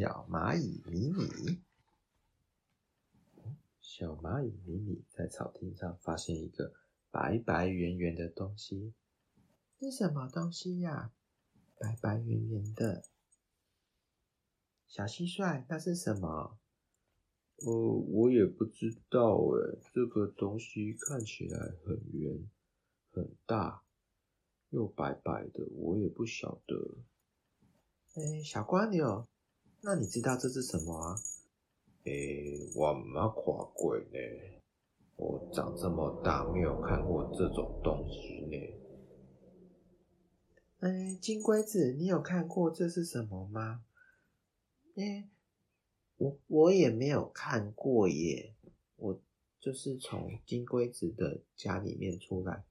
小螞蟻米米，小螞蟻米米在草地上發現一個白白圓圓的東西，是什麼東西呀？啊？白白圓圓的，小蟋蟀，那是什麼？呃、我也不知道哎，這個東西看起來很圓，很大，又白白的，我也不曉得。哎、欸，小蝸牛。那你知道這是什麼啊？誒、欸，我瑪誇龜呢？我長這麼大沒有看過這種東西呢、欸。嗯、欸，金龜子，你有看過這是什麼嗎？嗯、欸，我我也沒有看過耶。我就是從金龜子的家裡面出來，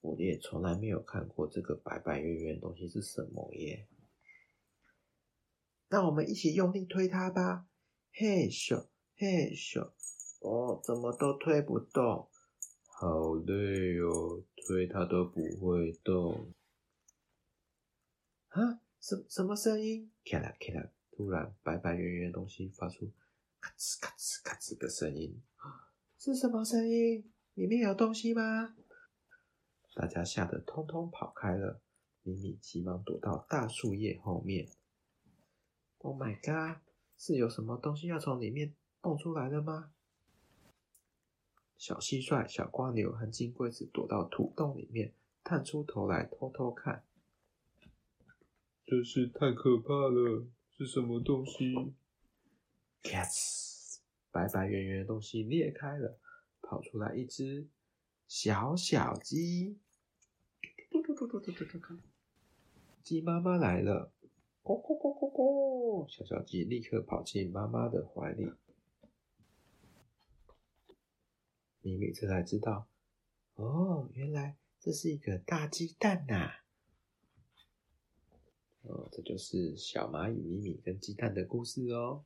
我也從來沒有看過這個白白圓圓的東西是什麼耶。那我們一起用力推它吧！嘿咻嘿咻，哦，怎麼都推不動，好累喲、哦，推它都不會動。啊，什什麼聲音？卡拉卡拉！突然，白白圓圓的東西發出咔吱咔吱咔吱的聲音，是什麼聲音？裡面有東西嗎？大家嚇得通通跑開了，米米急忙躲到大樹葉後面。Oh my god！是有什麼東西要從裡面蹦出來了嗎？小蟋蟀、小蝸牛和金龜子躲到土洞裡面，探出頭來偷偷看。真是太可怕了！是什麼東西？Cats！Yes! 白白圓圓的東西裂開了，跑出來一隻小小雞。雞媽媽來了。咕咕咕咕咕！小小雞立刻跑進媽媽的懷裡。米米這才知道，哦，原來這是一個大雞蛋吶、啊。哦，這就是小螞蟻米米跟雞蛋的故事哦。